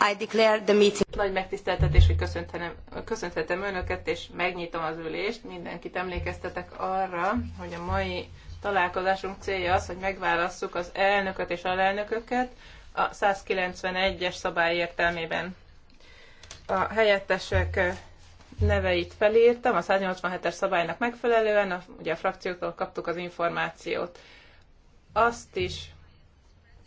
I declare the meeting. Nagy megtiszteltetés, hogy köszönthetem, önöket, és megnyitom az ülést. Mindenkit emlékeztetek arra, hogy a mai találkozásunk célja az, hogy megválasszuk az elnököt és alelnököket a 191-es szabály értelmében. A helyettesek neveit felírtam, a 187-es szabálynak megfelelően, a, ugye a frakciótól kaptuk az információt. Azt is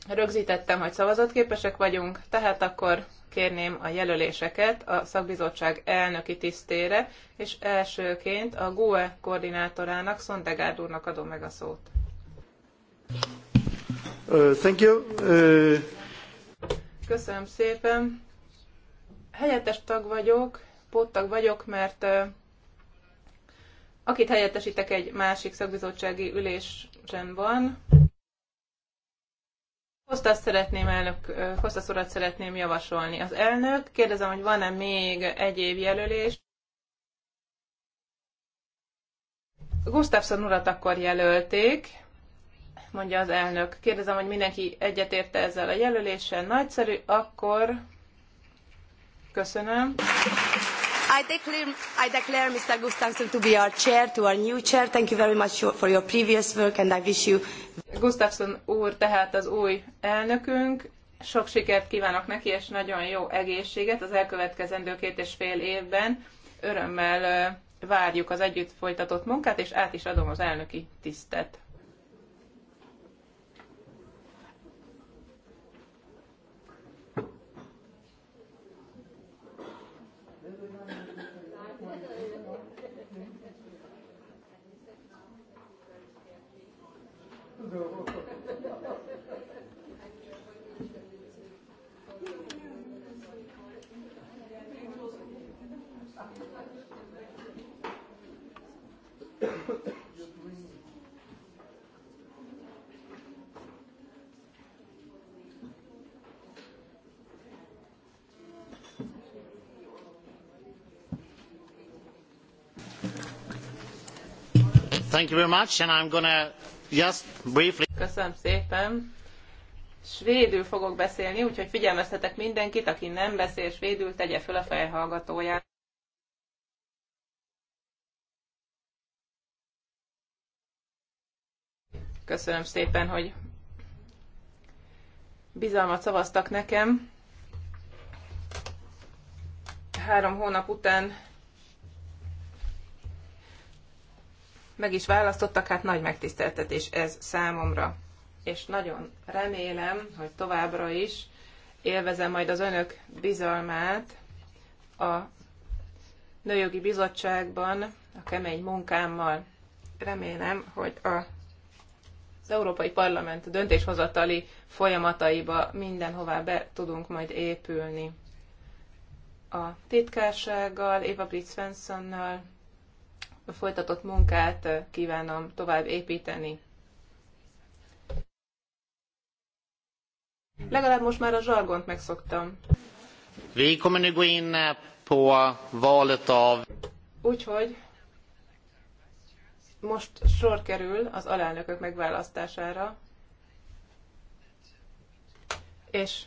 Rögzítettem, hogy szavazatképesek vagyunk, tehát akkor kérném a jelöléseket a szakbizottság elnöki tisztére, és elsőként a GUE koordinátorának, Szondegárd úrnak adom meg a szót. Uh, thank you. Uh... Köszönöm szépen. Helyettes tag vagyok, póttag vagyok, mert uh, akit helyettesítek egy másik szakbizottsági ülésen van, Kostas szeretném elnök, Kostas urat szeretném javasolni. Az elnök, kérdezem, hogy van-e még egyéb jelölés? Gustafsson urat akkor jelölték, mondja az elnök. Kérdezem, hogy mindenki egyetérte ezzel a jelöléssel. Nagyszerű, akkor köszönöm. I declare, I declare Mr. Gustafsson to be our chair, to our new chair. Thank you very much for your previous work, and I wish you... Gustafsson úr tehát az új elnökünk. Sok sikert kívánok neki, és nagyon jó egészséget az elkövetkezendő két és fél évben. Örömmel várjuk az együtt folytatott munkát, és át is adom az elnöki tisztet. Köszönöm szépen. Svédül fogok beszélni, úgyhogy figyelmeztetek mindenkit, aki nem beszél svédül, tegye föl a fejhallgatóját. Köszönöm szépen, hogy bizalmat szavaztak nekem. Három hónap után meg is választottak, hát nagy megtiszteltetés ez számomra. És nagyon remélem, hogy továbbra is élvezem majd az önök bizalmát a Nőjogi Bizottságban a kemény munkámmal. Remélem, hogy a, az Európai Parlament döntéshozatali folyamataiba mindenhová be tudunk majd épülni. A titkársággal, Eva Brit Svenssonnal, a folytatott munkát kívánom tovább építeni. Legalább most már a zsargont megszoktam. Vi kommer nu gå in eh, på valet av... Úgyhogy most sor kerül az alelnökök megválasztására, és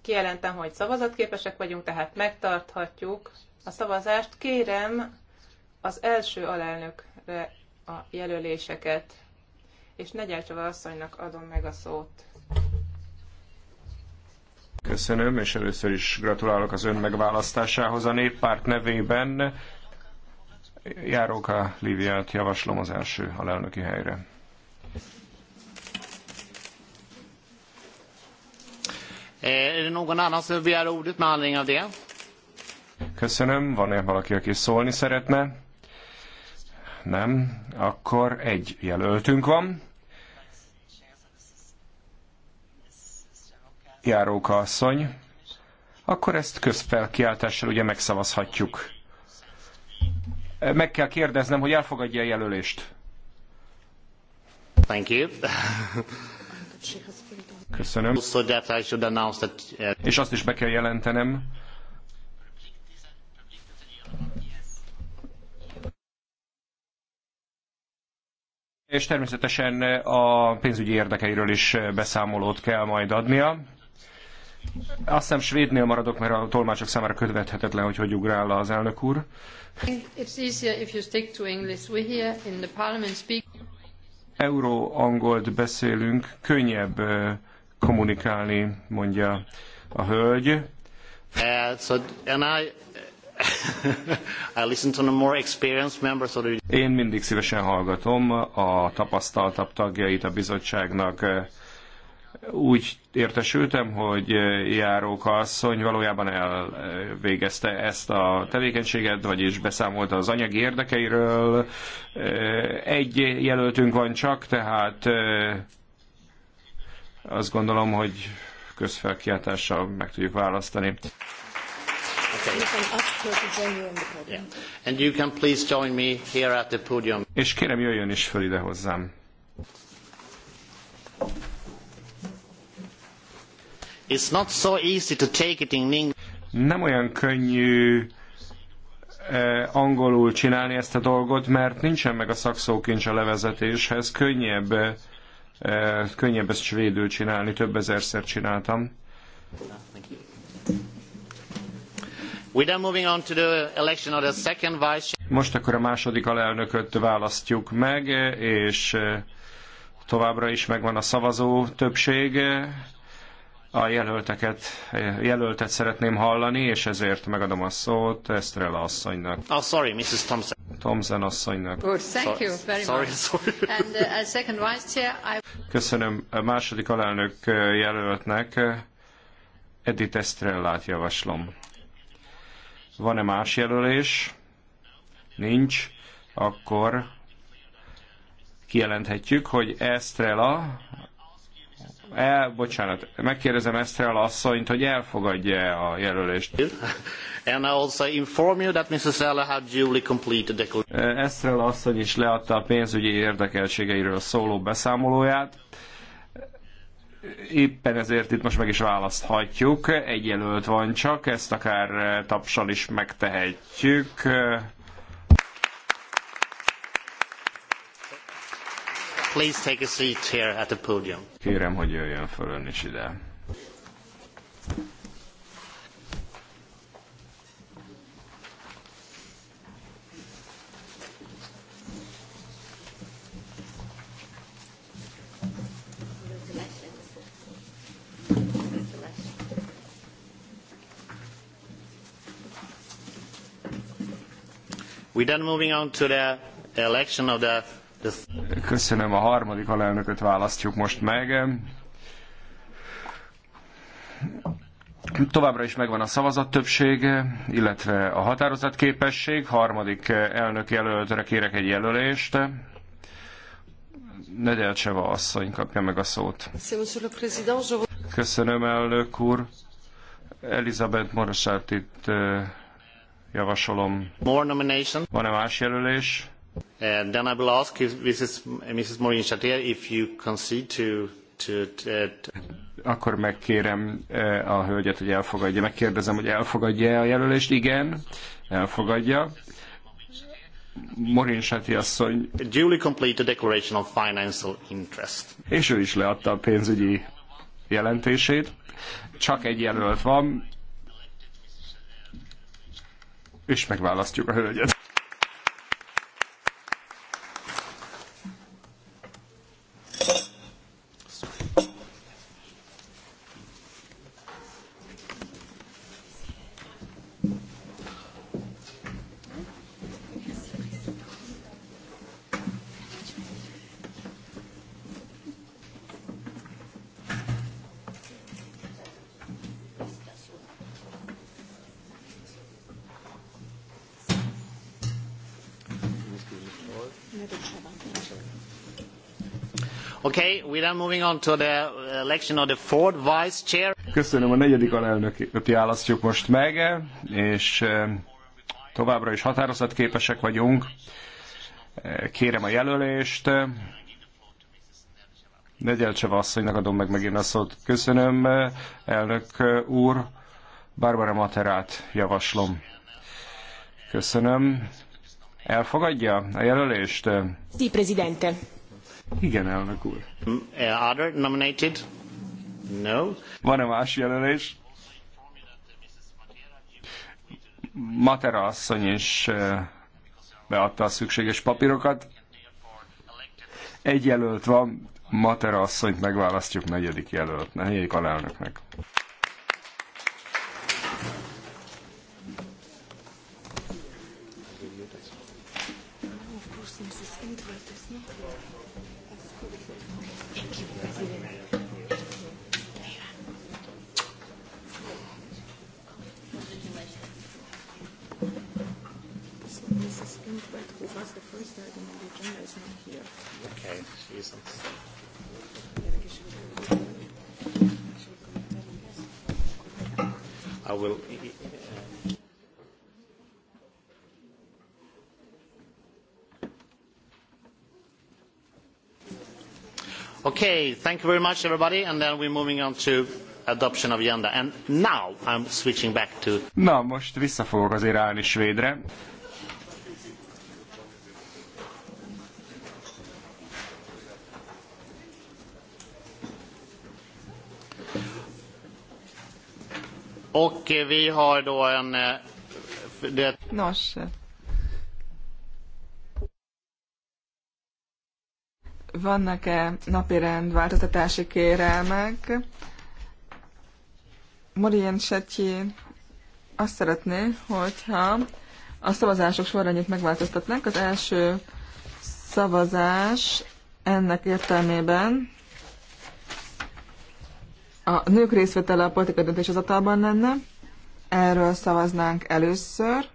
kijelentem, hogy szavazatképesek vagyunk, tehát megtarthatjuk a szavazást. Kérem az első alelnökre a jelöléseket, és Negyelcsova asszonynak adom meg a szót. Köszönöm, és először is gratulálok az ön megválasztásához a néppárt nevében. Járóka Líviát javaslom az első alelnöki helyre. Eh, är det någon annan som begär ordet med anledning av det? Köszönöm. Van-e valaki, aki szólni szeretne? Nem. Akkor egy jelöltünk van. Járóka asszony. Akkor ezt közfelkiáltással ugye megszavazhatjuk. Meg kell kérdeznem, hogy elfogadja a jelölést. Thank you. Köszönöm. Uh, És azt is be kell jelentenem, És természetesen a pénzügyi érdekeiről is beszámolót kell majd adnia. Azt hiszem svédnél maradok, mert a tolmácsok számára követhetetlen, hogy hogy ugrál az elnök úr. It's easier if you stick to English. here in the parliament speak. Euró-angolt beszélünk, könnyebb kommunikálni, mondja a hölgy. Uh, so, and I, I listen to the more experienced members of the... Én mindig szívesen hallgatom a tapasztaltabb tagjait a bizottságnak. Úgy értesültem, hogy Járóka asszony valójában elvégezte ezt a tevékenységet, vagyis beszámolta az anyagi érdekeiről. Egy jelöltünk van csak, tehát azt gondolom, hogy közfelkiáltással meg tudjuk választani. És kérem jöjjön is föl ide hozzám. It's not so easy to take it in English. Nem olyan könnyű eh, angolul csinálni ezt a dolgot, mert nincsen meg a szakszókincs a levezetéshez. Könnyebb, eh, könnyebb ezt svédül csinálni, több ezerszer csináltam. Thank you. Most akkor a második alelnököt választjuk meg, és eh, továbbra is megvan a szavazó többség. A jelölteket, eh, jelöltet szeretném hallani, és ezért megadom a szót Estrella asszonynak. Oh, sorry, Mrs. Thompson. Thompson asszonynak. Good, thank you very sorry, much. Sorry. And, uh, second vice chair, I... Köszönöm a második alelnök eh, jelöltnek. Edith Estrellát javaslom. Van-e más jelölés? Nincs. Akkor kijelenthetjük, hogy Estrella, el, bocsánat, megkérdezem Estrella asszonyt, hogy elfogadja -e a jelölést. And I also inform you that Mrs. Ella had duly completed the... Estrella asszony is leadta a pénzügyi érdekeltségeiről szóló beszámolóját éppen ezért itt most meg is választhatjuk. Egy jelölt van csak, ezt akár eh, tapsal is megtehetjük. Please take a seat here at the podium. Kérem, hogy jöjjön föl ön is ide. Köszönöm, a harmadik alelnököt választjuk most meg. Továbbra is megvan a szavazattöbbség, illetve a határozatképesség. Harmadik elnök jelöltre kérek egy jelölést. Nedelcseva asszony kapja meg a szót. Köszönöm, elnök úr. Elizabeth Morosát itt javasolom. More nomination. Van-e más jelölés? And uh, then I will ask Mrs. Mrs. Morin Chatier if you concede to, to, to, Akkor megkérem uh, a hölgyet, hogy elfogadja. Megkérdezem, hogy elfogadja a jelölést. Igen, elfogadja. Morin Sáti asszony. Duly complete declaration of financial interest. És ő is leadta a pénzügyi jelentését. Csak egy jelölt van, és megválasztjuk a hölgyet. moving on to the election of the fourth vice chair. Köszönöm, a negyedik alelnököt választjuk most meg, és eh, továbbra is határozatképesek vagyunk. Eh, kérem a jelölést. Negyelcseva asszonynak adom meg megint a szót. Köszönöm, eh, elnök úr. Barbara Materát javaslom. Köszönöm. Elfogadja a jelölést? Sí, presidente. Igen, elnök úr. Other mm, uh, nominated? No. Van-e más jelölés? Matera asszony is uh, beadta a szükséges papírokat. Egy jelölt van, Matera asszonyt megválasztjuk negyedik jelölt, ne alelnöknek. thank you very much everybody and then we're moving on to adoption of agenda and now I'm switching back to Na most vissza fogok azért állni svédre Och vi har då en... Eh, det... Nos, vannak-e napirend változtatási kérelmek? Morien Setyi azt szeretné, hogyha a szavazások sorrendjét megváltoztatnánk. Az első szavazás ennek értelmében a nők részvétele a politikai döntéshozatalban lenne. Erről szavaznánk először.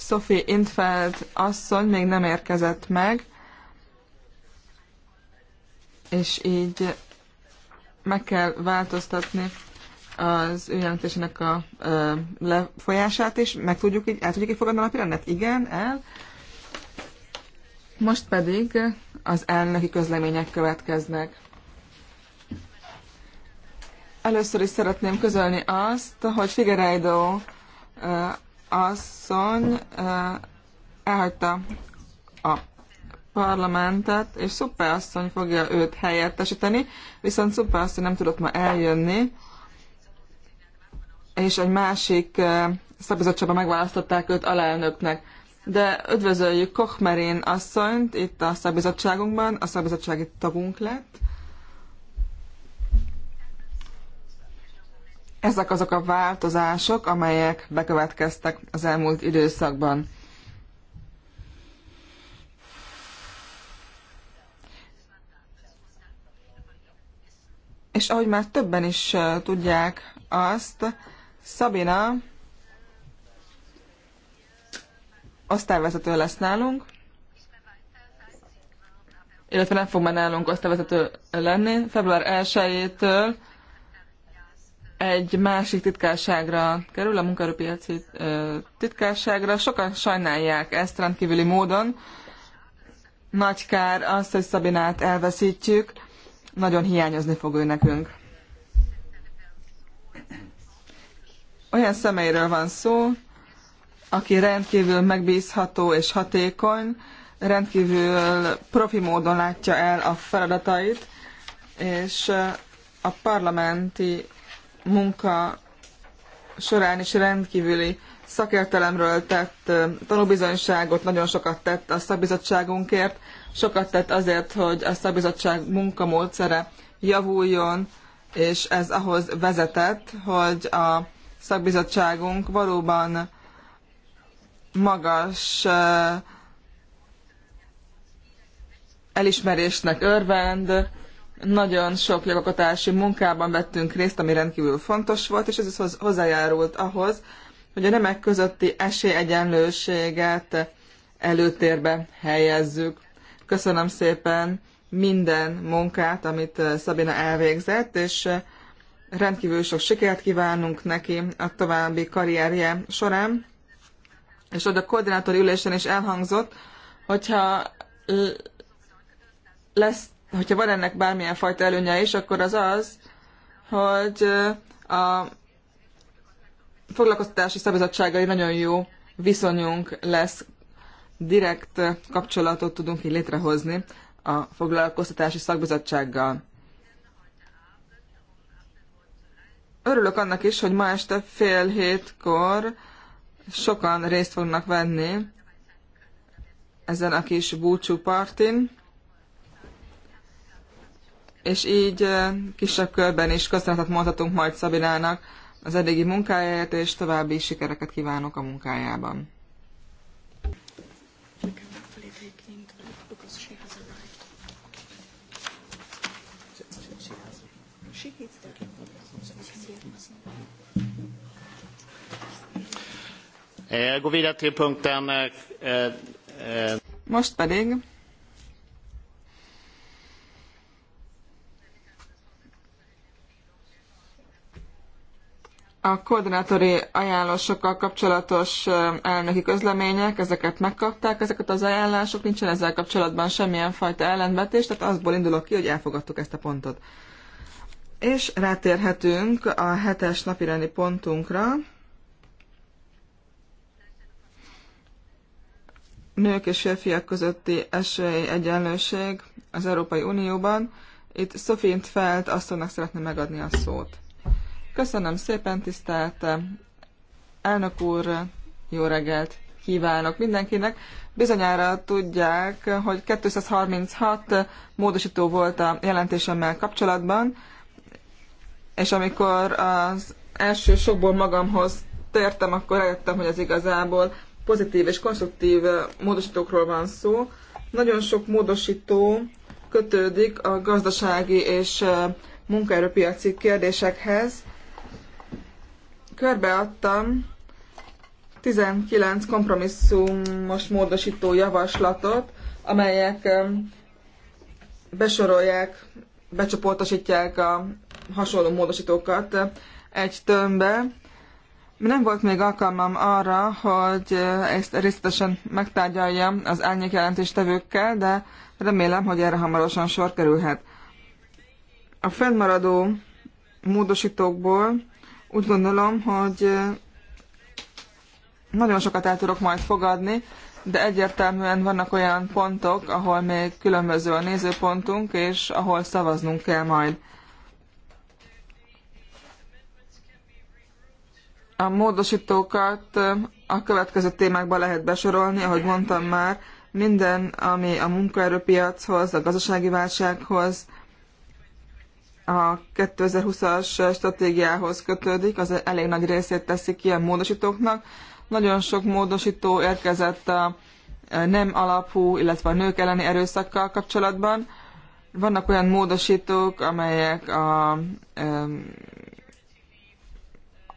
Sophie Intfeld asszony még nem érkezett meg, és így meg kell változtatni az ő jelentésének a ö, lefolyását is. Meg tudjuk így, el tudjuk így fogadni a napirendet? Igen, el. Most pedig az elnöki közlemények következnek. Először is szeretném közölni azt, hogy Figueiredo asszony elhagyta a parlamentet, és Szuppe asszony fogja őt helyettesíteni, viszont Szuppe asszony nem tudott ma eljönni, és egy másik szabizottságban megválasztották őt alelnöknek. De üdvözöljük Kochmerin asszonyt itt a szabizottságunkban, a szabizottsági tagunk lett, Ezek azok a változások, amelyek bekövetkeztek az elmúlt időszakban. És ahogy már többen is tudják azt, Szabina osztályvezető lesz nálunk, illetve nem fog már nálunk osztályvezető lenni. Február 1-től egy másik titkárságra kerül, a munkaerőpiaci titkárságra. Sokan sajnálják ezt rendkívüli módon. Nagy kár azt, hogy Szabinát elveszítjük. Nagyon hiányozni fog ő nekünk. Olyan személyről van szó, aki rendkívül megbízható és hatékony, rendkívül profi módon látja el a feladatait, és a parlamenti munka során is rendkívüli szakértelemről tett tanúbizonyságot, nagyon sokat tett a szakbizottságunkért, sokat tett azért, hogy a szakbizottság munkamódszere javuljon, és ez ahhoz vezetett, hogy a szakbizottságunk valóban magas elismerésnek örvend, nagyon sok jogokatási munkában vettünk részt, ami rendkívül fontos volt, és ez hozzájárult ahhoz, hogy a nemek közötti esélyegyenlőséget előtérbe helyezzük. Köszönöm szépen minden munkát, amit eh, Szabina elvégzett, és eh, rendkívül sok sikert kívánunk neki a további karrierje során. És ott a koordinátori ülésen is elhangzott, hogyha lesz hogyha van ennek bármilyen fajta előnye is, akkor az az, hogy a foglalkoztatási szabizottságai nagyon jó viszonyunk lesz, direkt kapcsolatot tudunk így létrehozni a foglalkoztatási szakbizottsággal. Örülök annak is, hogy ma este fél hétkor sokan részt fognak venni ezen a kis búcsú partin és így kisebb körben is köszönetet mondhatunk majd Szabinának az eddigi munkájáért, és további sikereket kívánok a munkájában. E- e- Most pedig a koordinátori ajánlásokkal kapcsolatos elnöki közlemények, ezeket megkapták, ezeket az ajánlások, nincsen ezzel kapcsolatban semmilyen fajta ellenvetés, tehát azból indulok ki, hogy elfogadtuk ezt a pontot. És rátérhetünk a hetes napirendi pontunkra. Nők és férfiak közötti esély egyenlőség az Európai Unióban. Itt Sofint Felt asszonynak szeretném megadni a szót. Köszönöm szépen, tisztelt eh, elnök úr, jó reggelt kívánok mindenkinek. Bizonyára tudják, hogy 236 módosító volt a jelentésemmel kapcsolatban, és amikor az első sokból magamhoz tértem, akkor rájöttem, hogy az igazából pozitív és konstruktív eh, módosítókról van szó. Nagyon sok módosító kötődik a gazdasági és eh, munkaerőpiaci kérdésekhez, körbeadtam 19 kompromisszumos módosító javaslatot, amelyek besorolják, becsoportosítják a hasonló módosítókat egy tömbbe. Nem volt még alkalmam arra, hogy ezt részletesen megtárgyaljam az árnyék jelentéstevőkkel, de remélem, hogy erre hamarosan sor kerülhet. A fennmaradó módosítókból úgy gondolom, hogy nagyon sokat el tudok majd fogadni, de egyértelműen vannak olyan pontok, ahol még különböző a nézőpontunk, és ahol szavaznunk kell majd. A módosítókat a következő témákba lehet besorolni, ahogy mondtam már, minden, ami a munkaerőpiachoz, a gazdasági válsághoz, a 2020-as stratégiához kötődik, az elég nagy részét teszik ki a módosítóknak. Nagyon sok módosító érkezett a nem alapú, illetve a nők elleni erőszakkal kapcsolatban. Vannak olyan módosítók, amelyek a um,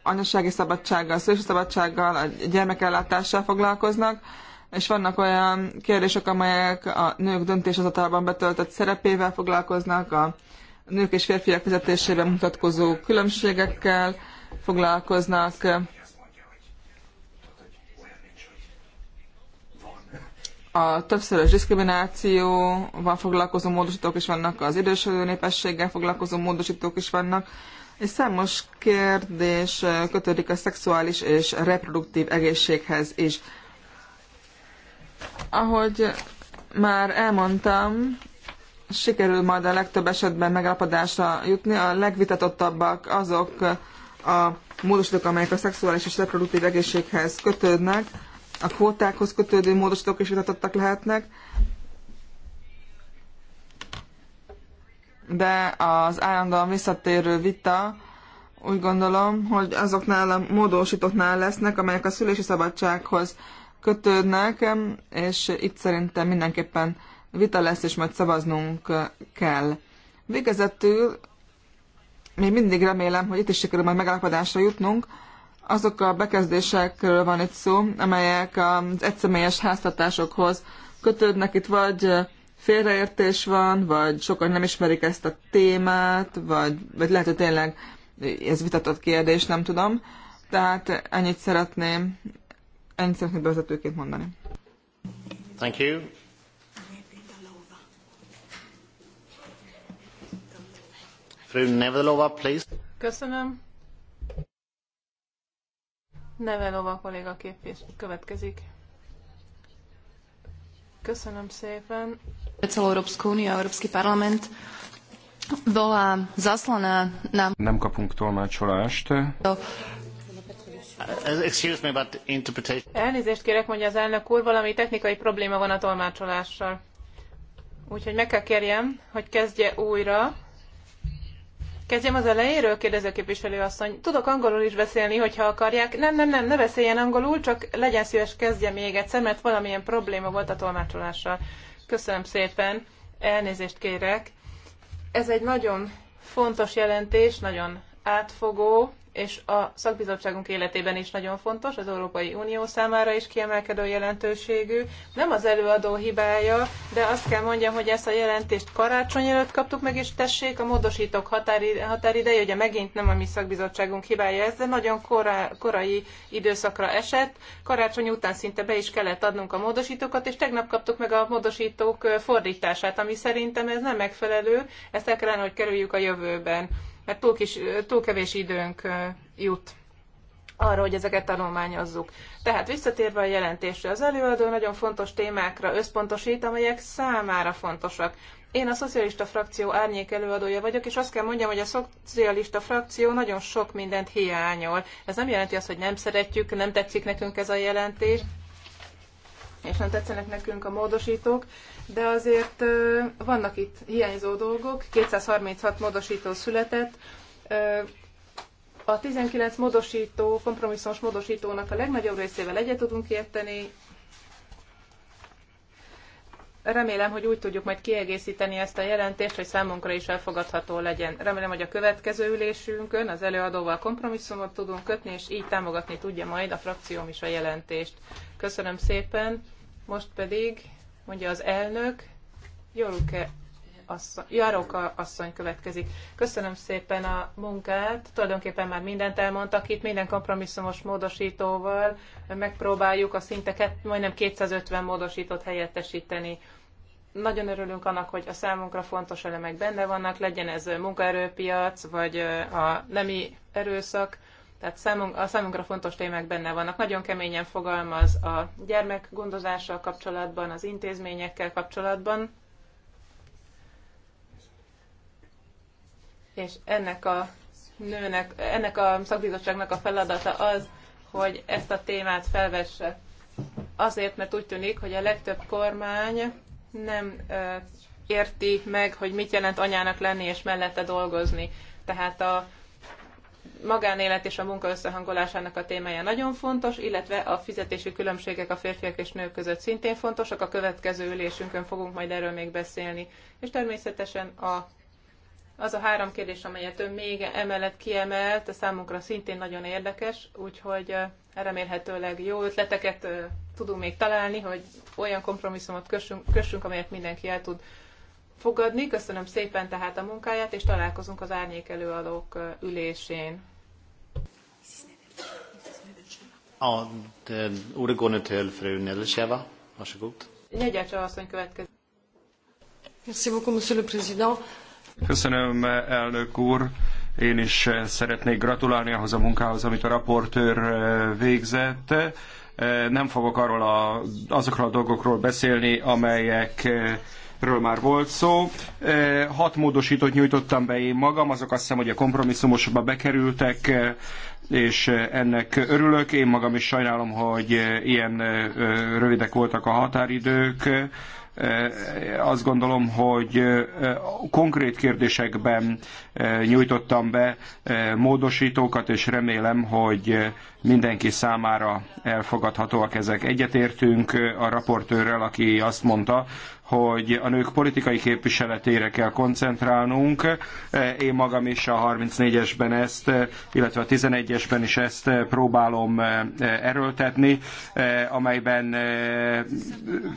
anyasági szabadsággal, szülési szabadsággal, a gyermekellátással foglalkoznak, és vannak olyan kérdések, amelyek a nők döntéshozatalban betöltött szerepével foglalkoznak, a nők és férfiak fizetésében mutatkozó különbségekkel foglalkoznak. A többszörös diszkriminációval foglalkozó módosítók is vannak, az idősödő népességgel foglalkozó módosítók is vannak, és számos kérdés kötődik a szexuális és reproduktív egészséghez is. Ahogy már elmondtam, sikerül majd a legtöbb esetben megállapodásra jutni. A legvitatottabbak azok a módosítók, amelyek a szexuális és reproduktív egészséghez kötődnek, a kvótákhoz kötődő módosítók is vitatottak lehetnek, de az állandóan visszatérő vita úgy gondolom, hogy azoknál a módosítóknál lesznek, amelyek a szülési szabadsághoz kötődnek, és itt szerintem mindenképpen vita lesz, és majd szavaznunk kell. Végezetül még mindig remélem, hogy itt is sikerül majd megállapodásra jutnunk. Azok a bekezdésekről van itt szó, amelyek az egyszemélyes háztartásokhoz kötődnek. Itt vagy félreértés van, vagy sokan nem ismerik ezt a témát, vagy, vagy lehet, hogy tényleg ez vitatott kérdés, nem tudom. Tehát ennyit szeretném, ennyit szeretném bevezetőként mondani. Thank you. Köszönöm. Nevelova kolléga képvis következik. Köszönöm szépen. Celú Európsku Unió, Európsky Parlament bola zaslaná nám... Nem kapunk tolmácsolást. Excuse me, but interpretation... Elnézést kérek, mondja az elnök úr, valami technikai probléma van a tolmácsolással. Úgyhogy meg kell kérjem, hogy kezdje újra Kezdjem az elejéről, kérdezi a képviselő asszony. Tudok angolul is beszélni, hogyha akarják. Nem, nem, nem, ne beszéljen angolul, csak legyen szíves, kezdje még egyszer, mert valamilyen probléma volt a tolmácsolással. Köszönöm szépen, elnézést kérek. Ez egy nagyon fontos jelentés, nagyon átfogó, és a szakbizottságunk életében is nagyon fontos, az Európai Unió számára is kiemelkedő jelentőségű. Nem az előadó hibája, de azt kell mondjam, hogy ezt a jelentést karácsony előtt kaptuk meg, és tessék, a módosítók határideje, határideje ugye megint nem a mi szakbizottságunk hibája, ez de nagyon korá, korai időszakra esett. Karácsony után szinte be is kellett adnunk a módosítókat, és tegnap kaptuk meg a módosítók fordítását, ami szerintem ez nem megfelelő, ezt el kellene, hogy kerüljük a jövőben mert túl, kis, túl kevés időnk jut arra, hogy ezeket tanulmányozzuk. Tehát visszatérve a jelentésre, az előadó nagyon fontos témákra összpontosít, amelyek számára fontosak. Én a szocialista frakció árnyék előadója vagyok, és azt kell mondjam, hogy a szocialista frakció nagyon sok mindent hiányol. Ez nem jelenti azt, hogy nem szeretjük, nem tetszik nekünk ez a jelentés, és nem tetszenek nekünk a módosítók, de azért vannak itt hiányzó dolgok, 236 módosító született, a 19 módosító, kompromisszons módosítónak a legnagyobb részével egyet tudunk érteni, remélem, hogy úgy tudjuk majd kiegészíteni ezt a jelentést, hogy számunkra is elfogadható legyen. Remélem, hogy a következő ülésünkön az előadóval kompromisszumot tudunk kötni, és így támogatni tudja majd a frakcióm is a jelentést. Köszönöm szépen. Most pedig, mondja az elnök, Joruke asszony, Jaroka asszony következik. Köszönöm szépen a munkát, tulajdonképpen már mindent elmondtak itt, minden kompromisszumos módosítóval megpróbáljuk a szinte két majdnem 250 módosítót helyettesíteni. Nagyon örülünk annak, hogy a számunkra fontos elemek benne vannak, legyen ez munkaerőpiac, vagy a nemi erőszak, tehát számunk, a számunkra fontos témák benne vannak. Nagyon keményen fogalmaz a gyermekgondozással kapcsolatban, az intézményekkel kapcsolatban. És ennek a nőnek, ennek a szakbizottságnak a feladata az, hogy ezt a témát felvesse. Azért, mert úgy tűnik, hogy a legtöbb kormány nem érti meg, hogy mit jelent anyának lenni és mellette dolgozni. Tehát a magánélet és a munka összehangolásának a témája nagyon fontos, illetve a fizetési különbségek a férfiak és nők között szintén fontosak. A következő ülésünkön fogunk majd erről még beszélni. És természetesen a, az a három kérdés, amelyet ön még emellett kiemelt, a számunkra szintén nagyon érdekes, úgyhogy remélhetőleg jó ötleteket tudunk még találni, hogy olyan kompromisszumot kössünk, kössünk amelyet mindenki el tud fogadni. Köszönöm szépen tehát a munkáját, és találkozunk az árnyék előadók ülésén. A eh, origónő fru Nedelcseva, varsågod. Negyelcseva asszony következik. Merci beaucoup, monsieur le président. Köszönöm, elnök úr. Én is eh, szeretnék gratulálni ahhoz a munkához, amit a raportőr eh, végzett. Nem fogok arról a, azokról a dolgokról beszélni, amelyek ről már volt szó. E, hat módosítót nyújtottam be én magam, azok azt hiszem, hogy a kompromisszumosba bekerültek, e, és ennek örülök. Én magam is sajnálom, hogy e, ilyen rövidek voltak a határidők. Azt gondolom, hogy konkrét kérdésekben nyújtottam be módosítókat, és remélem, hogy mindenki számára elfogadhatóak ezek. Egyetértünk a raportőrrel, aki azt mondta, hogy a nők politikai képviseletére kell koncentrálnunk. Én magam is a 34-esben ezt, illetve a 11-esben is ezt próbálom erőltetni, amelyben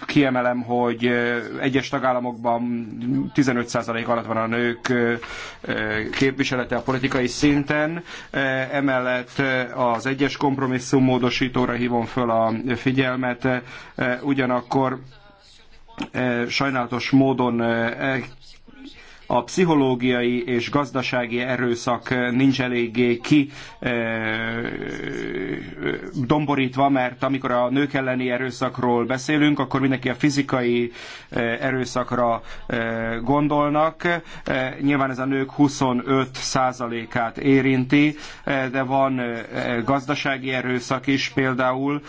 kiemelem, hogy egyes tagállamokban 15% alatt van a nők képviselete a politikai szinten. Emellett az egyes kompromisszum módosítóra hívom föl a figyelmet, ugyanakkor Eh, sajnálatos módon eh, a pszichológiai és gazdasági erőszak nincs eléggé ki eh, domborítva, mert amikor a nők elleni erőszakról beszélünk, akkor mindenki a fizikai eh, erőszakra eh, gondolnak. Nyilván ez a nők 25%-át érinti, de van gazdasági erőszak is, például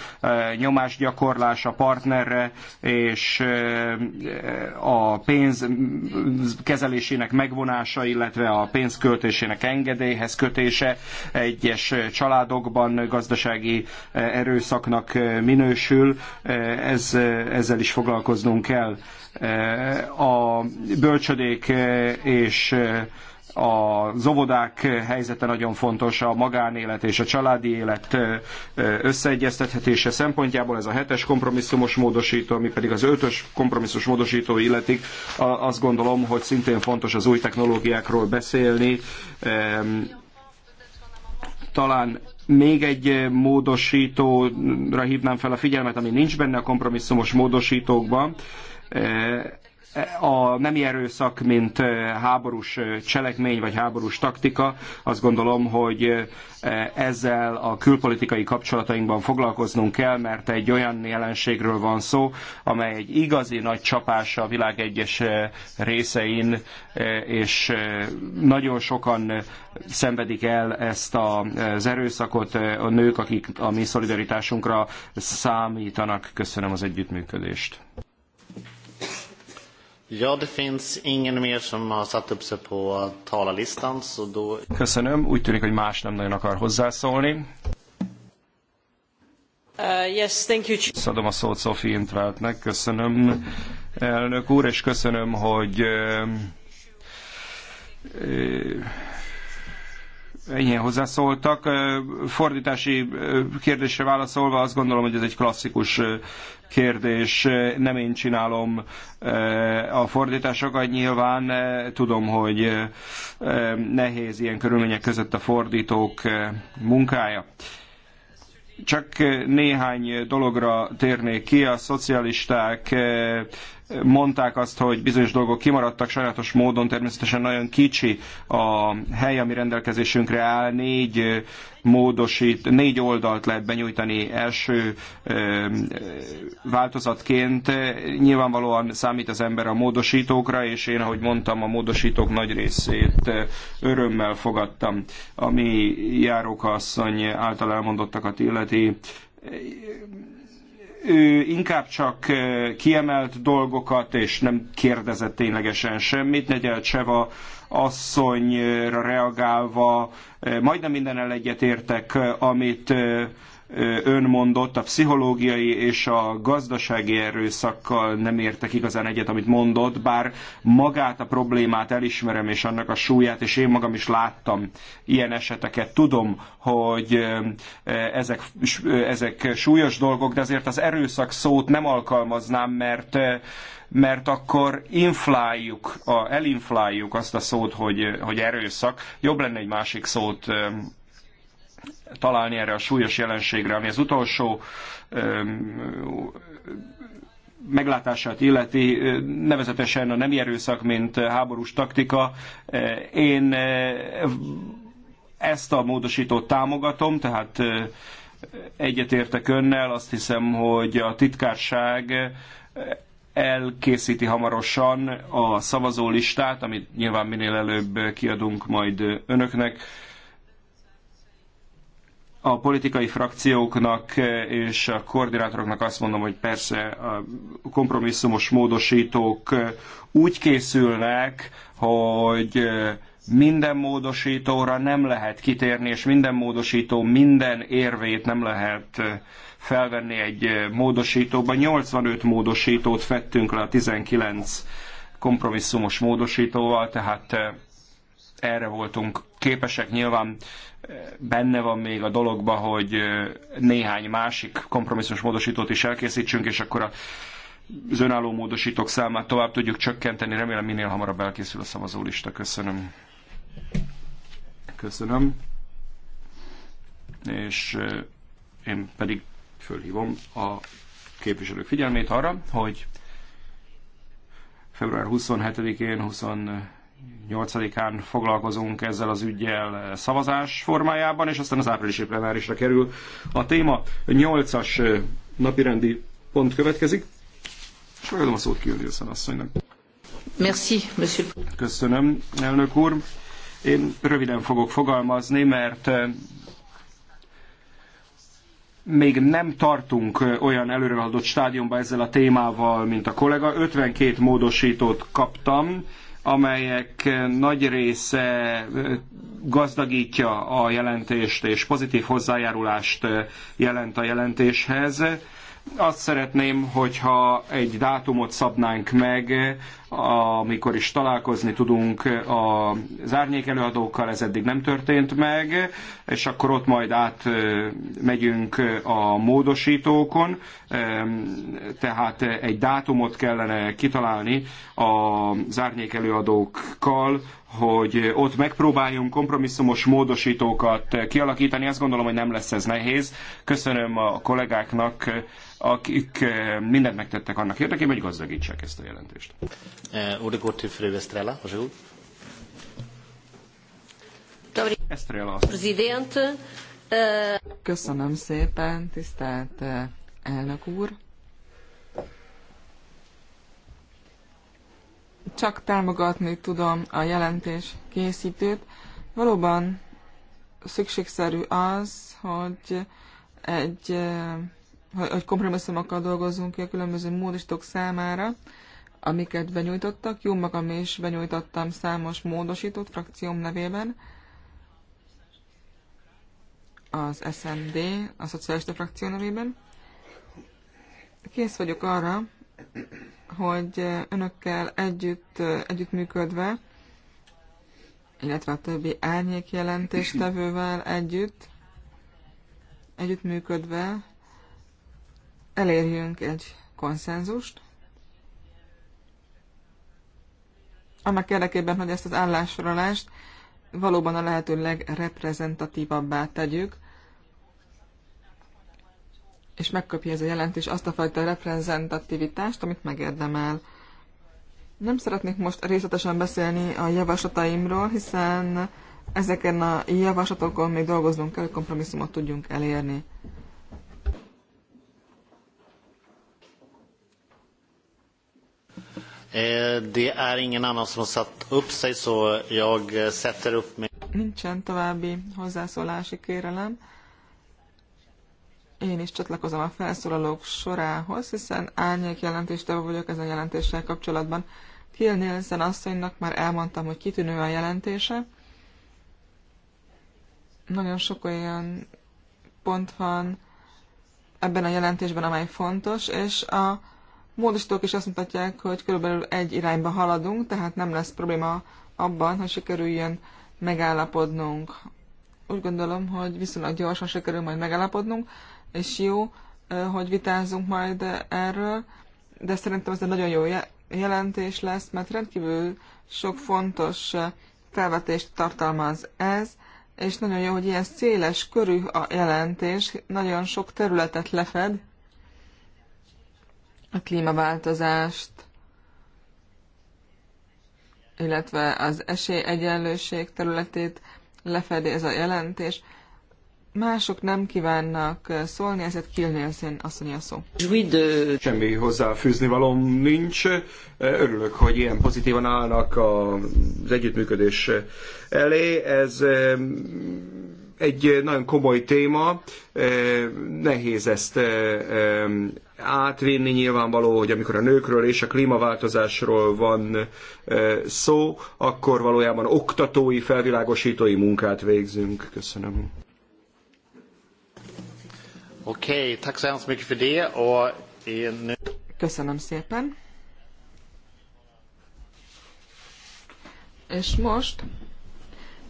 nyomásgyakorlás a partnerre és a pénz kezelés fizetésének megvonása, illetve a pénzköltésének engedélyhez kötése egyes családokban gazdasági eh, erőszaknak eh, minősül. Eh, ez, ezzel is foglalkoznunk kell. A bölcsödék és az óvodák helyzete nagyon fontos, a magánélet és a családi élet összeegyeztethetése szempontjából ez a hetes kompromisszumos módosító, ami pedig az ötös kompromisszumos módosító illetik. Azt gondolom, hogy szintén fontos az új technológiákról beszélni. Talán még egy módosítóra hívnám fel a figyelmet, ami nincs benne a kompromisszumos módosítókban a nemi erőszak, mint háborús cselekmény vagy háborús taktika, azt gondolom, hogy ezzel a külpolitikai kapcsolatainkban foglalkoznunk kell, mert egy olyan jelenségről van szó, amely egy igazi nagy csapása a világ egyes részein, és nagyon sokan szenvedik el ezt az erőszakot a nők, akik a mi szolidaritásunkra számítanak. Köszönöm az együttműködést. Ja, det finns ingen mer som har satt upp sig på talarlistan, så då... Köszönöm, úgy tűnik, hogy más nem nagyon akar hozzászólni. Uh, yes, thank you. Szadom szóval a szót Sophie Intveltnek, köszönöm elnök úr, és köszönöm, hogy eh, eh, ennyien hozzászóltak. Fordítási kérdésre válaszolva azt gondolom, hogy ez egy klasszikus kérdés. Nem én csinálom a fordításokat nyilván. Tudom, hogy nehéz ilyen körülmények között a fordítók munkája. Csak néhány dologra térnék ki. A szocialisták mondták azt, hogy bizonyos dolgok kimaradtak, sajátos módon természetesen nagyon kicsi a hely, ami rendelkezésünkre áll, négy módosít, négy oldalt lehet benyújtani első változatként. Nyilvánvalóan számít az ember a módosítókra, és én, ahogy mondtam, a módosítók nagy részét örömmel fogadtam, ami járóka asszony által elmondottakat illeti ő inkább csak kiemelt dolgokat, és nem kérdezett ténylegesen semmit. Negyel Cseva asszonyra reagálva majdnem minden egyetértek, amit ön mondott, a pszichológiai és a gazdasági erőszakkal nem értek igazán egyet, amit mondott, bár magát a problémát elismerem, és annak a súlyát, és én magam is láttam ilyen eseteket. Tudom, hogy ezek, ezek súlyos dolgok, de azért az erőszak szót nem alkalmaznám, mert mert akkor infláljuk, a, elinfláljuk azt a szót, hogy, hogy erőszak. Jobb lenne egy másik szót találni erre a súlyos jelenségre, ami az utolsó meglátását illeti, nevezetesen a nem erőszak, mint háborús taktika. Én ezt a módosítót támogatom, tehát egyetértek önnel, azt hiszem, hogy a titkárság elkészíti hamarosan a szavazólistát, amit nyilván minél előbb kiadunk majd önöknek a politikai frakcióknak eh, és a koordinátoroknak azt mondom, hogy persze a kompromisszumos módosítók eh, úgy készülnek, hogy eh, minden módosítóra nem lehet kitérni, és minden módosító minden érvét nem lehet felvenni egy módosítóba. 85 módosítót fettünk le a 19 kompromisszumos módosítóval, tehát erre voltunk képesek. Nyilván benne van még a dologba, hogy néhány másik kompromisszus módosítót is elkészítsünk, és akkor a az önálló módosítók számát tovább tudjuk csökkenteni. Remélem minél hamarabb elkészül a szavazólista. Köszönöm. Köszönöm. És én pedig fölhívom a képviselők figyelmét arra, hogy február 27-én, 20 8-án foglalkozunk ezzel az ügyel szavazás formájában, és aztán az áprilisi plenárisra kerül a téma. 8-as eh, napirendi pont következik, és megadom a szót Kilnilszen asszonynak. Merci, monsieur. Köszönöm, elnök úr. Én röviden fogok fogalmazni, mert eh, még nem tartunk eh, olyan előrehaladott stádiumba ezzel a témával, mint a kollega. 52 módosítót kaptam, amelyek nagy része gazdagítja a jelentést és pozitív hozzájárulást jelent a jelentéshez. Azt szeretném, hogyha egy dátumot szabnánk meg, amikor is találkozni tudunk az árnyék előadókkal, ez eddig nem történt meg, és akkor ott majd átmegyünk a módosítókon, tehát egy dátumot kellene kitalálni az árnyék előadókkal, hogy ott megpróbáljunk kompromisszumos módosítókat kialakítani. Azt gondolom, hogy nem lesz ez nehéz. Köszönöm a kollégáknak, akik mindent megtettek annak érdekében, hogy gazdagítsák ezt a jelentést. Eh, ordet går till fru Estrella. Varsågod. Estrella. President. Eh, Köszönöm szépen, tisztelt eh, elnök úr. Csak támogatni tudom a jelentés készítőt. Valóban szükségszerű az, hogy egy hogy kompromisszumokkal dolgozunk ki a különböző módosítók számára, amiket benyújtottak. Jó magam is benyújtottam számos módosított frakcióm nevében. Az SND, a szocialista frakció nevében. Kész vagyok arra, hogy önökkel együtt, együttműködve, illetve a többi árnyék jelentéstevővel együtt, együttműködve elérjünk egy konszenzust, annak érdekében, hogy ezt az állásfoglalást valóban a lehető legreprezentatívabbá tegyük, és megköpje ez a jelentés azt a fajta reprezentativitást, amit megérdemel. Nem szeretnék most részletesen beszélni a javaslataimról, hiszen ezeken a javaslatokon még dolgoznunk kell, hogy kompromisszumot tudjunk elérni. Eh, det är ingen annan som satt upp sig så jag eh, sätter upp mig. Nincsen további hozzászólási kérelem. Én is csatlakozom a felszólalók sorához, hiszen árnyék jelentéstevő vagyok ezen jelentéssel kapcsolatban. Kill Nielsen asszonynak már elmondtam, hogy kitűnő a jelentése. Nagyon sok olyan pont van ebben a jelentésben, amely fontos, és a módosítók is azt mutatják, hogy körülbelül egy irányba haladunk, tehát nem lesz probléma abban, hogy sikerüljön megállapodnunk. Úgy gondolom, hogy viszonylag gyorsan sikerül majd megállapodnunk, és jó, hogy vitázunk majd erről, de szerintem ez egy nagyon jó jelentés lesz, mert rendkívül sok fontos felvetést tartalmaz ez, és nagyon jó, hogy ilyen széles körű a jelentés, nagyon sok területet lefed, a klímaváltozást, illetve az esélyegyenlőség területét lefedi ez a jelentés. Mások nem kívánnak szólni, ezért Kilnélszén asszony a szó. Semmi hozzáfűzni valom nincs. Örülök, hogy ilyen pozitívan állnak az együttműködés elé. Ez egy nagyon komoly téma, nehéz ezt átvinni nyilvánvaló, hogy amikor a nőkről és a klímaváltozásról van szó, akkor valójában oktatói, felvilágosítói munkát végzünk. Köszönöm. Oké, Köszönöm szépen. És most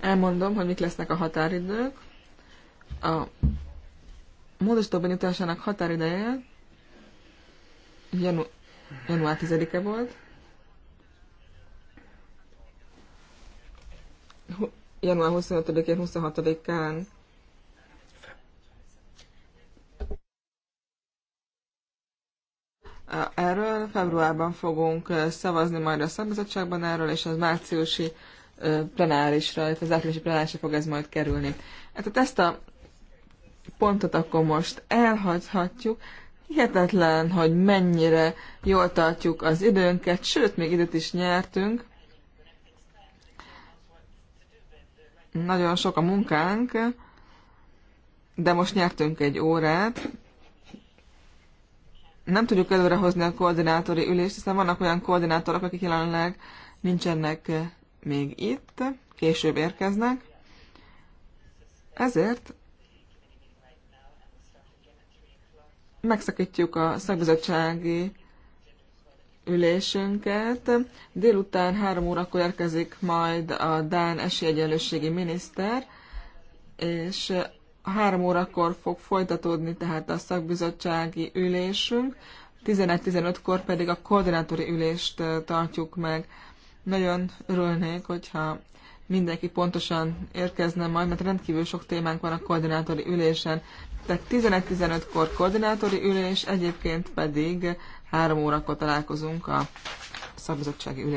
elmondom, hogy mik lesznek a határidők. A módosító benyújtásának határideje janu január 10-e volt. Január 25-én, 26-án Erről februárban fogunk szavazni majd a szakbizottságban erről, és az márciusi plenárisra, az áprilisi plenárisra fog ez majd kerülni. Tehát ezt a pontot akkor most elhagyhatjuk. Hihetetlen, hogy mennyire jól tartjuk az időnket, sőt, még időt is nyertünk. Nagyon sok a munkánk, de most nyertünk egy órát. Nem tudjuk előrehozni a koordinátori ülést, hiszen vannak olyan koordinátorok, akik jelenleg nincsenek még itt, később érkeznek. Ezért megszakítjuk a szakbizottsági ülésünket. Délután három órakor érkezik majd a Dán esélyegyenlőségi miniszter, és három órakor fog folytatódni tehát a szakbizottsági ülésünk, 11-15-kor pedig a koordinátori ülést tartjuk meg. Nagyon örülnék, hogyha mindenki pontosan érkezne majd, mert rendkívül sok témánk van a koordinátori ülésen. Tehát 11-15-kor koordinátori ülés, egyébként pedig 3 órakor találkozunk a szakbizottsági ülés.